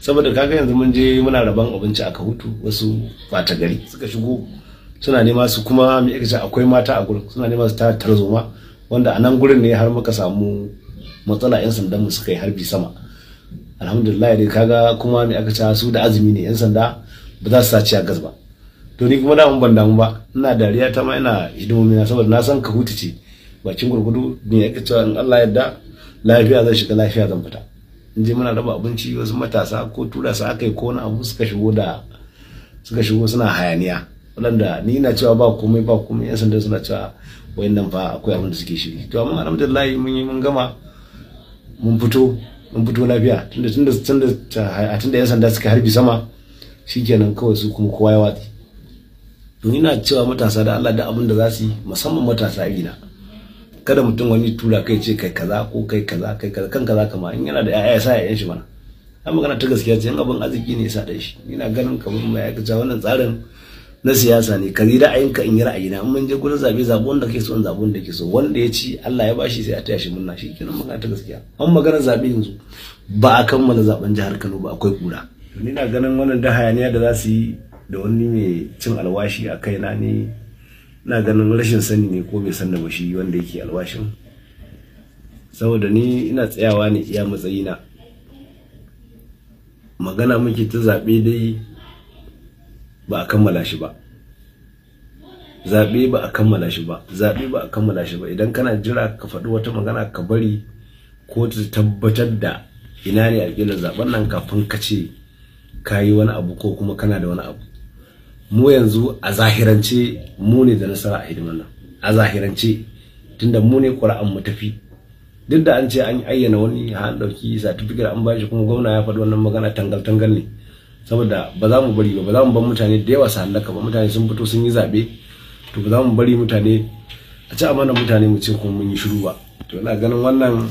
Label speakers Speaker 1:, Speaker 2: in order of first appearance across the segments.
Speaker 1: saboda kaga yanzu mun je muna rabon abinci aka hutu wasu bata gari suka shigo suna nema su kuma mai ikisa akwai mata a gurin suna nema su ta tarzoma wanda a nan gurin ne har muka samu matsala yan sandan mu suka yi harbi sama alhamdulillah dai kaga kuma mai ikace su da azumi ne yan sanda ba za su saci a gas ba to ni kuma da ban damu ba ina dariya ta ma ina hidimomi na saboda na san ka hutu ce bakin gurgudu ne ya in Allah yarda lafiya zan shiga lafiya zan fita je muna raba abinci wasu matasa ko tura su aka yi ko wani abu suka shigo da suka shigo suna hayaniya waɗanda ni ina cewa ba komai ba komai yan sanda suna cewa wayannan fa akwai abin da suke shiri to amma alhamdulillah mun yi mun gama mun fito mun fito lafiya tunda tunda tunda tunda yan sanda suka harbi sama shikenan kawai su kuma kowa ya watsi to ina cewa matasa da Allah da abin da za su yi musamman matasa irina kada mutum wani tura kai ce kai kaza ko kai kaza kai kaza kan kaza kama in yana da ya'ya ya sa ya'yan shi mana an magana ta gaskiya ce abin arziki ne ya sa shi ina ganin kamar mai aikata wannan tsarin na siyasa ne ka yi ra'ayinka in yi ra'ayi in mun je gurin zabe zabe wanda kake so in zabe wanda kake so wanda ya ci Allah ya bashi sai a taya shi munna shi kenan magana ta gaskiya an magana zabe yanzu ba a kammala zaben jihar Kano ba akwai kura ni na ganin wannan da hayaniya da za su yi da wani mai cin alwashi a kaina ne na ganin rashin sani ne ko bai san da shi wanda yake alwashin saboda ni ina tsayawa ne iya matsayina magana muke ta zaɓe dai ba a kammala shi ba zaɓe ba a kammala shi ba zaɓe ba a kammala shi ba idan kana jira ka faɗi wata magana ka bari ko ta tabbatar da ina ne a alƙilar zaɓen nan kafin ka ce ka yi wani abu ko kuma kana da wani abu mu yanzu a zahirance mu ne da nasara a hidimar nan a zahirance tunda mu ne ƙura'an mu tafi duk da an ce an ayyana wani an dauki satifikar an bashi kuma gwamna ya faɗi wannan magana tangal-tangal ne saboda ba za mu bari ba ba za mu bar mutane da yawa su hallaka ba mutane sun fito sun yi zaɓe to ba za mu bari mutane a ci amana mutane mu ce kuma mun yi shiru ba to ina ganin wannan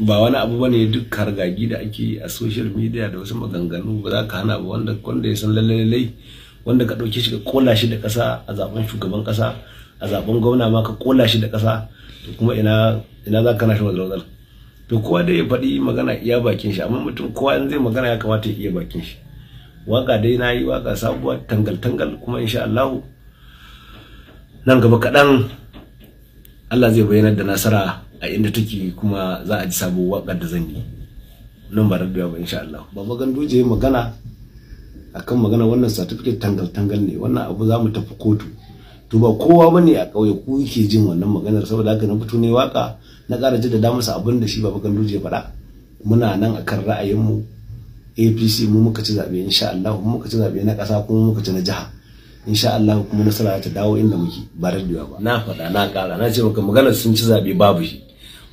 Speaker 1: ba wani abu ba ne duk kargagi da ake a social media da wasu maganganu ba za ka hana ba wanda ya san lallai wanda ka ɗauke shi ka kola shi da ƙasa a zaben shugaban ƙasa a zaben gwamna ma ka kola shi da ƙasa to kuma ina ina za ka na shi to kowa dai ya faɗi magana iya bakin shi amma mutum kowa in zai magana ya kamata ya iya bakin shi waka dai na yi waka sabuwa tangal tangal kuma insha Allah nan gaba kaɗan Allah zai bayyana da nasara a inda take kuma za a ji sabuwar waƙar da zan yi nan ba da ba insha Allah baba yi magana akan magana wannan certificate tangal-tangal ne wannan abu za mu tafi kotu to ba kowa ba ne a ƙauye ku yake jin wannan maganar saboda haka na fito ne waka na ƙara da damisa abin da shi baba ganduje faɗa muna nan a kan ra'ayinmu APC mu muka ci zaɓe insha Allah mu muka ci zaɓe na ƙasa kuma muka ci na jiha insha Allah kuma nasara ta dawo inda muke ba radiyo ba na faɗa na ƙara na ce maka maganar sun ci zaɓe babu shi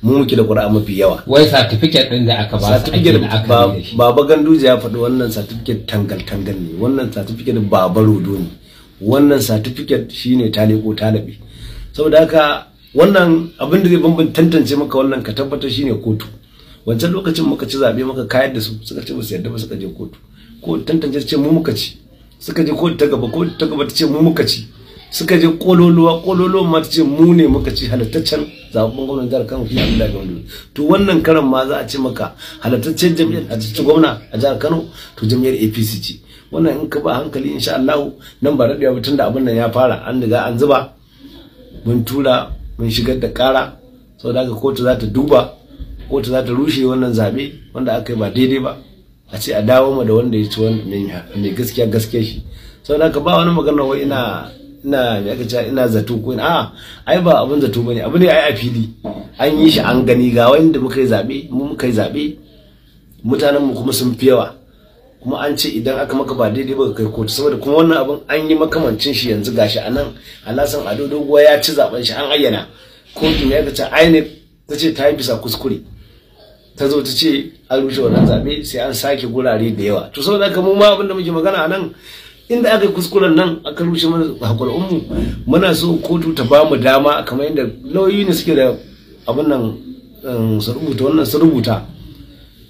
Speaker 1: mu muke da ƙura'a mafi yawa wai certificate din da aka ba su ake da aka yi baba ganduje ya faɗi wannan certificate tangal tangal ne wannan certificate baba rodo ne wannan certificate shine taliko talabi saboda haka wannan abin da zai bambanta tantance maka wannan ka tabbatar shi ne kotu wancan lokacin muka ci zaɓe muka kayar da su suka ce ba su yarda ba suka je kotu ko tantance ce mu muka ci suka je kotu ta gaba kotu ta gaba ta ce mu muka ci suka je kololuwa kololuwa ma ce mu ne muka ci halittaccen zaɓen gwamnan jihar Kano shi Abdullahi Gwandu to wannan karan ma za a ce maka halittaccen jami'ar a cikin gwamna a jihar Kano to jami'ar APC ce wannan in ka ba hankali insha allahu nan ba daɗewa ba tunda abin nan ya fara an riga an zuba mun tura mun shigar da ƙara da haka kotu za ta duba kotu za ta rushe wannan zaɓe wanda aka yi ba daidai ba a ce a dawo ma da wanda ya ci mai gaskiya gaskiya shi da haka ba wani magana wai ina ina me aka cewa ina zato ko ina ai ba abin zato bane abu ne ai a fili an yi shi an gani ga wanda muka yi zabe mu muka yi zabe mutanen mu kuma sun fi yawa kuma an ce idan aka maka ba daidai ba kai kotu saboda kuma wannan abin an yi makamancin shi yanzu gashi anan san Ado doguwa ya ci zaben shi an ayyana kotu me ga cewa INEC ta ce ta yi bisa kuskure ta zo ta ce an rushe wannan zabe sai an sake gurare da yawa to saboda haka mu ma abin muke magana anan inda aka kuskuren nan aka rushe mana hakurinmu muna so kotu ta ba mu dama kamar yadda lauyoyi ne suke da abin nan um, su rubuta wannan su rubuta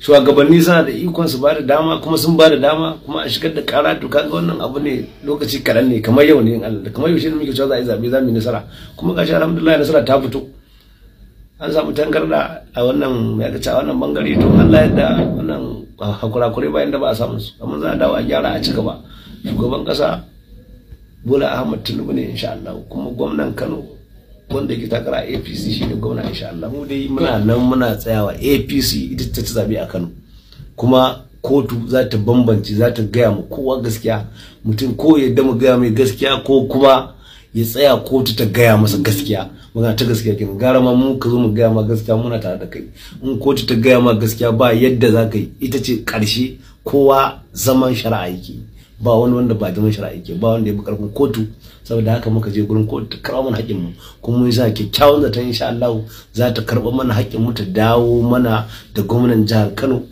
Speaker 1: shugabanni suna da ikon su ba da dama kuma sun ba da dama kuma a shigar da kara to kaga wannan abu ne lokaci kaɗan ne kamar yau ne in kamar yaushe ne muke cewa za a yi zabe za mu yi nasara kuma gashi alhamdulillah nasara ta fito an samu tangarda a wannan ya ga wannan bangare to Allah da wannan hakura ah, kure bayan da ba a samu su amma za a dawo a gyara a ci gaba shugaban ƙasa bola ahmad tinubu ne insha Allah kuma gwamnan kano wanda ke takara apc shi ne gwamna insha Allah mu dai muna nan muna tsayawa apc ita ta ci zabe a kano kuma kotu za ta bambance za ta gaya mu kowa gaskiya mutum ko ya mu gaya mai gaskiya ko kuma ya tsaya kotu ta gaya masa gaskiya magana ta gaskiya kenan gara ma mu ka zo mu gaya ma gaskiya muna tare da kai in kotu ta gaya ma gaskiya ba yadda za ka yi ita ce ƙarshe kowa zaman shari'a yake ba wani wanda ba girman shari'a ke ba wanda ya bi karfin kotu saboda haka muka je gurin kotu ta karɓa mana haƙƙin mu kuma mun sa kyakkyawan zaton insha Allah za ta karɓa mana haƙƙin mu ta dawo mana da gwamnan jihar Kano